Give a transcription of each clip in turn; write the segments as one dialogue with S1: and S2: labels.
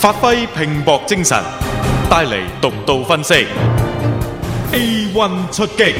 S1: 發揮拼搏精神，帶嚟獨到分析。A one 出擊，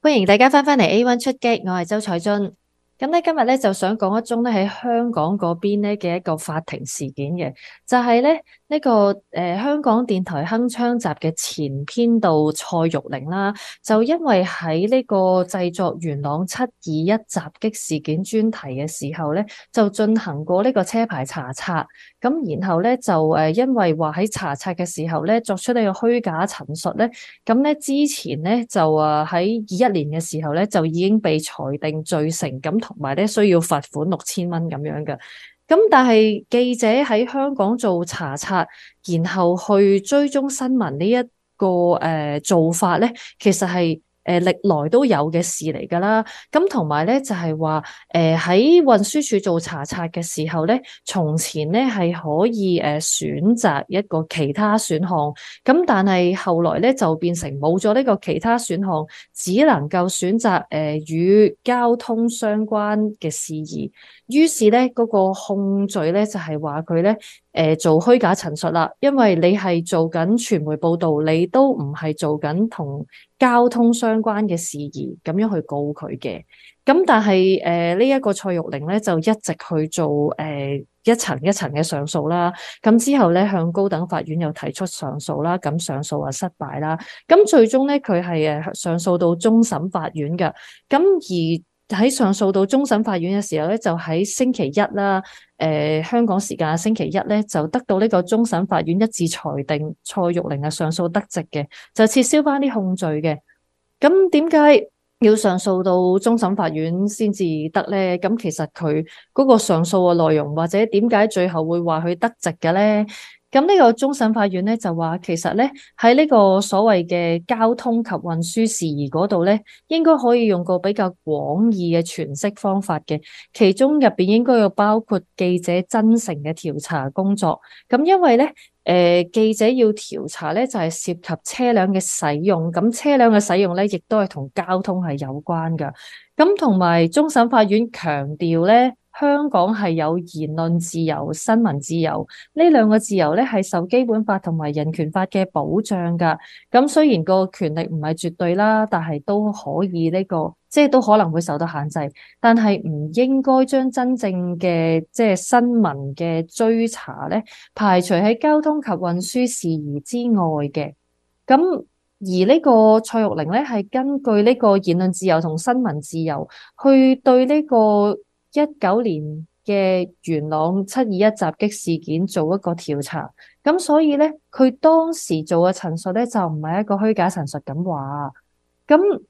S1: 歡迎大家翻返嚟 A one 出擊，我係周彩津。咁咧今日咧就想講一宗咧喺香港嗰邊咧嘅一個法庭事件嘅，就係咧呢個誒香港電台鏗鏘集嘅前編導蔡玉玲啦，就因為喺呢個製作元朗七二一襲擊事件專題嘅時候咧，就進行過呢個車牌查冊，咁然後咧就誒因為話喺查冊嘅時候咧作出呢個虛假陳述咧，咁咧之前咧就啊喺二一年嘅時候咧就已經被裁定罪成咁。同埋咧需要罰款六千蚊咁樣嘅，咁但係記者喺香港做查冊，然後去追蹤新聞呢、這、一個、呃、做法咧，其實係，誒歷來都有嘅事嚟㗎啦，咁同埋咧就係話，誒喺運輸署做查冊嘅時候咧，從前咧係可以誒選擇一個其他選項，咁但係後來咧就變成冇咗呢個其他選項，只能夠選擇誒與交通相關嘅事宜，於是咧嗰個控罪咧就係話佢咧。誒做虛假陳述啦，因為你係做緊傳媒報導，你都唔係做緊同交通相關嘅事宜，咁樣去告佢嘅。咁但係誒呢一個蔡玉玲咧，就一直去做誒、呃、一層一層嘅上訴啦。咁之後咧向高等法院又提出上訴啦，咁上訴啊失敗啦。咁最終咧佢係誒上訴到終審法院嘅。咁而喺上訴到終審法院嘅時候，就喺星期一啦，香港時間星期一，就得到呢個終審法院一致裁定蔡玉玲，上訴得直嘅，就撤銷返啲控罪嘅。咁，點解要上訴到終審法院先至得呢？咁，其實，佢，嗰個上訴嘅內容，或者點解最後會話佢得直嘅呢？咁呢個終審法院呢，就話，其實呢，喺呢個所謂嘅交通及運輸事宜嗰度呢，應該可以用個比較廣義嘅詮釋方法嘅，其中入面應該要包括記者真誠嘅調查工作。咁因為呢、呃，記者要調查呢，就係、是、涉及車輛嘅使用，咁車輛嘅使用呢，亦都係同交通係有關嘅。咁同埋終審法院強調呢。香港係有言論自由、新聞自由，呢兩個自由咧係受基本法同埋人權法嘅保障㗎。咁雖然個權力唔係絕對啦，但係都可以呢個，即係都可能會受到限制。但係唔應該將真正嘅即係新聞嘅追查咧排除喺交通及運輸事宜之外嘅。咁而呢個蔡玉玲咧係根據呢個言論自由同新聞自由去對呢個。一九年嘅元朗七二一襲擊事件做一個調查，咁所以呢，佢當時做嘅陳述呢，就唔係一個虛假陳述咁話，咁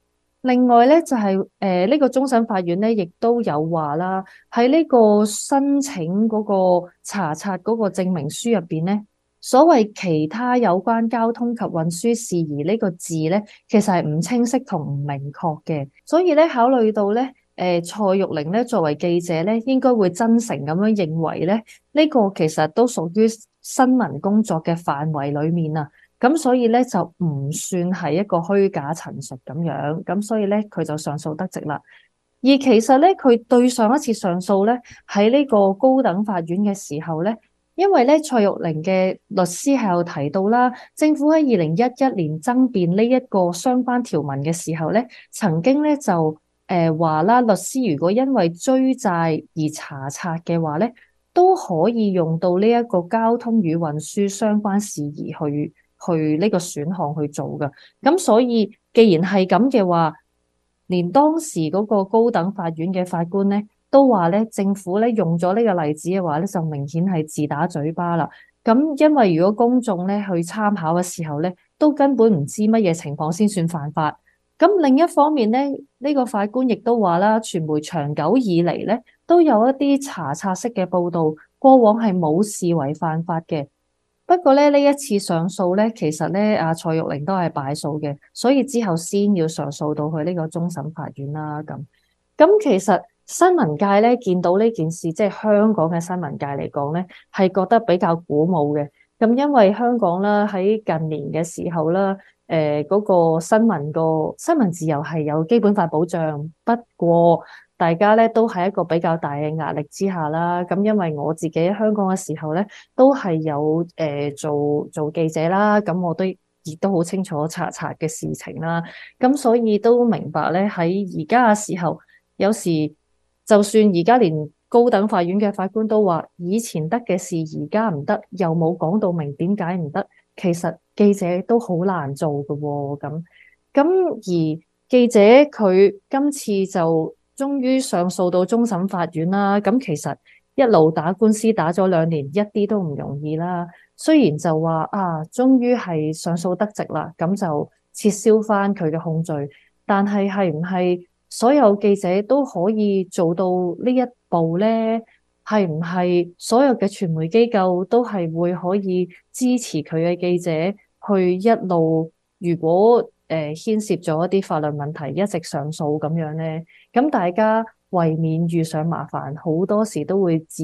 S1: 另外呢，就係誒呢個終審法院呢，亦都有話啦，喺呢個申請嗰個查冊嗰個證明書入邊呢，所謂其他有關交通及運輸事宜呢個字呢，其實係唔清晰同唔明確嘅，所以呢，考慮到呢。誒、呃、蔡玉玲咧，作為記者咧，應該會真誠咁樣認為咧，呢、呢個其實都屬於新聞工作嘅範圍裏面啊。咁所以咧，就唔算係一個虛假陳述咁樣。咁所以咧，佢就上訴得直啦。而其實咧，佢對上一次上訴咧，喺呢個高等法院嘅時候咧，因為咧蔡玉玲嘅律師係有提到啦，政府喺二零一一年爭辯呢一個相關條文嘅時候咧，曾經咧就。誒話啦，律師如果因為追債而查冊嘅話咧，都可以用到呢一個交通與運輸相關事宜去去呢個選項去做㗎。咁所以既然係咁嘅話，連當時嗰個高等法院嘅法官咧都話咧，政府咧用咗呢個例子嘅話咧，就明顯係自打嘴巴啦。咁因為如果公眾咧去參考嘅時候咧，都根本唔知乜嘢情況先算犯法。咁另一方面咧，呢個法官亦都話啦，傳媒長久以嚟咧，都有一啲查冊式嘅報導，過往係冇視為犯法嘅。不過咧，呢一次上訴咧，其實咧，阿蔡玉玲都係敗訴嘅，所以之後先要上訴到去呢個終審法院啦。咁咁其實新聞界咧見到呢件事，即係香港嘅新聞界嚟講咧，係覺得比較鼓舞嘅。咁因為香港啦，喺近年嘅時候啦。誒嗰、呃嗰個新聞、個新聞自由係有基本法保障，不過大家咧都喺一個比較大嘅壓力之下啦。咁因為我自己喺香港嘅時候咧，都係有誒、呃、做做記者啦，咁我都亦都好清楚查冊嘅事情啦。咁所以都明白咧，喺而家嘅時候，有時就算而家連高等法院嘅法官都話，以前得嘅事而家唔得，又冇講到明點解唔得，其實。記者都好難做噶、哦，咁咁而記者佢今次就終於上訴到終審法院啦。咁其實一路打官司打咗兩年，一啲都唔容易啦。雖然就話啊，終於係上訴得直啦，咁就撤銷翻佢嘅控罪。但係係唔係所有記者都可以做到呢一步呢？係唔係所有嘅傳媒機構都係會可以支持佢嘅記者？佢一路，如果誒、呃、牽涉咗一啲法律問題，一直上訴咁樣呢，咁大家為免遇上麻煩，好多時都會自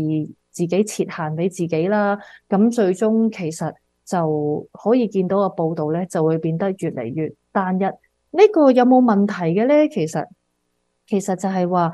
S1: 自己設限俾自己啦。咁最終其實就可以見到個報道呢，就會變得越嚟越單一。呢、呢個有冇問題嘅呢？其實其實就係話，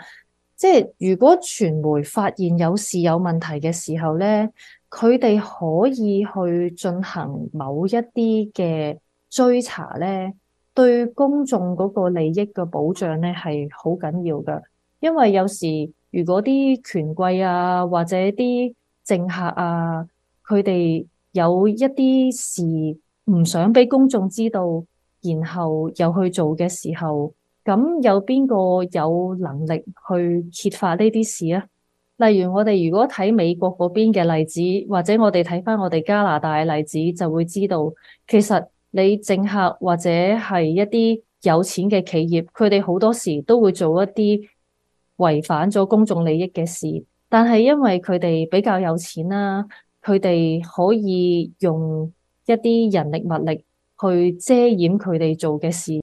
S1: 即係如果傳媒發現有事有問題嘅時候呢。佢哋可以去進行某一啲嘅追查咧，對公眾嗰個利益嘅保障咧係好緊要嘅。因為有時如果啲權貴啊或者啲政客啊，佢哋有一啲事唔想俾公眾知道，然後又去做嘅時候，咁有邊個有能力去揭發呢啲事啊？例如我哋如果睇美國嗰邊嘅例子，或者我哋睇返我哋加拿大嘅例子，就會知道其實你政客或者係一啲有錢嘅企業，佢哋好多時都會做一啲違反咗公眾利益嘅事，但係因為佢哋比較有錢啦，佢哋可以用一啲人力物力去遮掩佢哋做嘅事，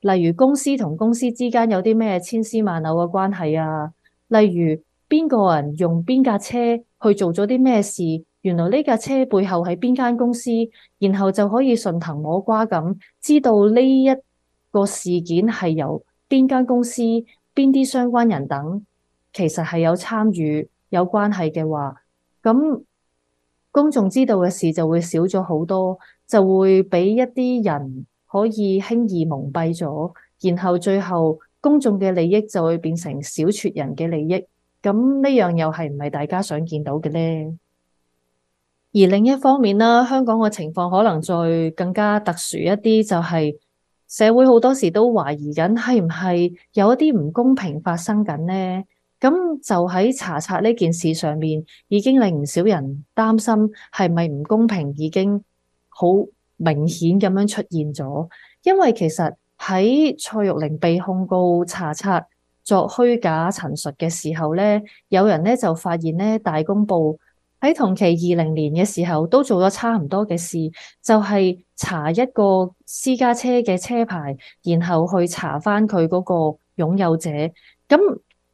S1: 例如公司同公司之間有啲咩千絲萬縷嘅關係啊，例如。邊個人用邊架車去做咗啲咩事？原來呢架車背後係邊間公司，然後就可以順藤摸瓜咁知道呢一個事件係由邊間公司、邊啲相關人等，其實係有參與、有關係嘅話，咁公眾知道嘅事就會少咗好多，就會俾一啲人可以輕易蒙蔽咗，然後最後公眾嘅利益就會變成小撮人嘅利益。咁呢樣又係唔係大家想見到嘅呢？而另一方面啦，香港嘅情況可能再更加特殊一啲，就係社會好多時都懷疑緊係唔係有一啲唔公平發生緊呢。咁就喺查冊呢件事上面，已經令唔少人擔心係咪唔公平，已經好明顯咁樣出現咗。因為其實喺蔡玉玲被控告查冊。作虛假陳述嘅時候呢，有人呢就發現呢大公報喺同期二零年嘅時候都做咗差唔多嘅事，就係、是、查一個私家車嘅車牌，然後去查返佢嗰個擁有者。咁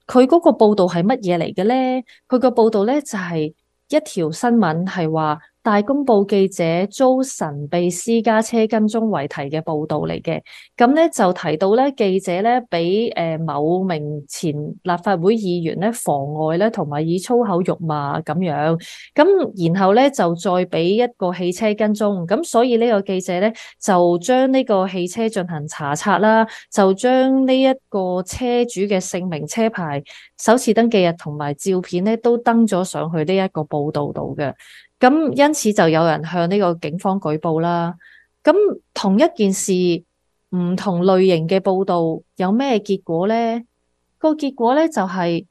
S1: 佢嗰個報導係乜嘢嚟嘅呢？佢個報導呢就係一條新聞，係話。大公報記者遭神秘私家車跟蹤為題嘅報道嚟嘅，咁咧就提到咧記者咧俾誒某名前立法會議員咧妨礙咧，同埋以粗口辱罵咁樣，咁然後咧就再俾一個汽車跟蹤，咁所以呢個記者咧就將呢個汽車進行查冊啦，就將呢一個車主嘅姓名、車牌、首次登記日同埋照片咧都登咗上去呢一個報道度嘅。咁因此就有人向呢個警方舉報啦。咁同一件事唔同類型嘅報導有咩結果呢？個結果咧就係、是、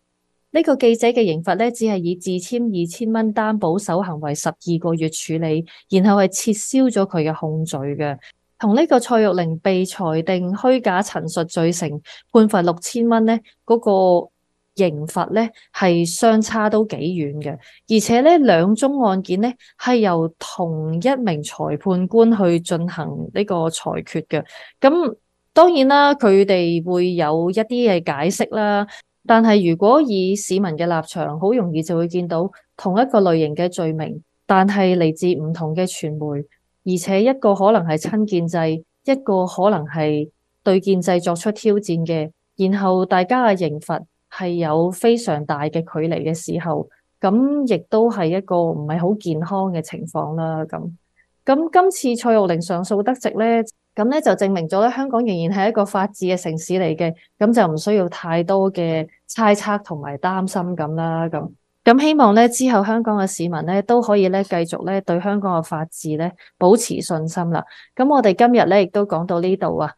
S1: 呢個記者嘅刑罰咧，只係以自簽二千蚊擔保守行為十二個月處理，然後係撤銷咗佢嘅控罪嘅。同呢個蔡玉玲被裁定虛假陳述罪成判罰六千蚊咧，嗰、那個。刑罰咧係相差都幾遠嘅，而且呢兩宗案件咧係由同一名裁判官去進行呢個裁決嘅。咁、嗯、當然啦，佢哋會有一啲嘅解釋啦。但係如果以市民嘅立場，好容易就會見到同一個類型嘅罪名，但係嚟自唔同嘅傳媒，而且一個可能係親建制，一個可能係對建制作出挑戰嘅。然後大家嘅刑罰，係有非常大嘅距離嘅時候，咁亦都係一個唔係好健康嘅情況啦。咁咁今次蔡玉玲上訴得直咧，咁咧就證明咗咧香港仍然係一個法治嘅城市嚟嘅，咁就唔需要太多嘅猜測同埋擔心咁啦。咁咁希望咧之後香港嘅市民咧都可以咧繼續咧對香港嘅法治咧保持信心啦。咁我哋今日咧亦都講到呢度啊。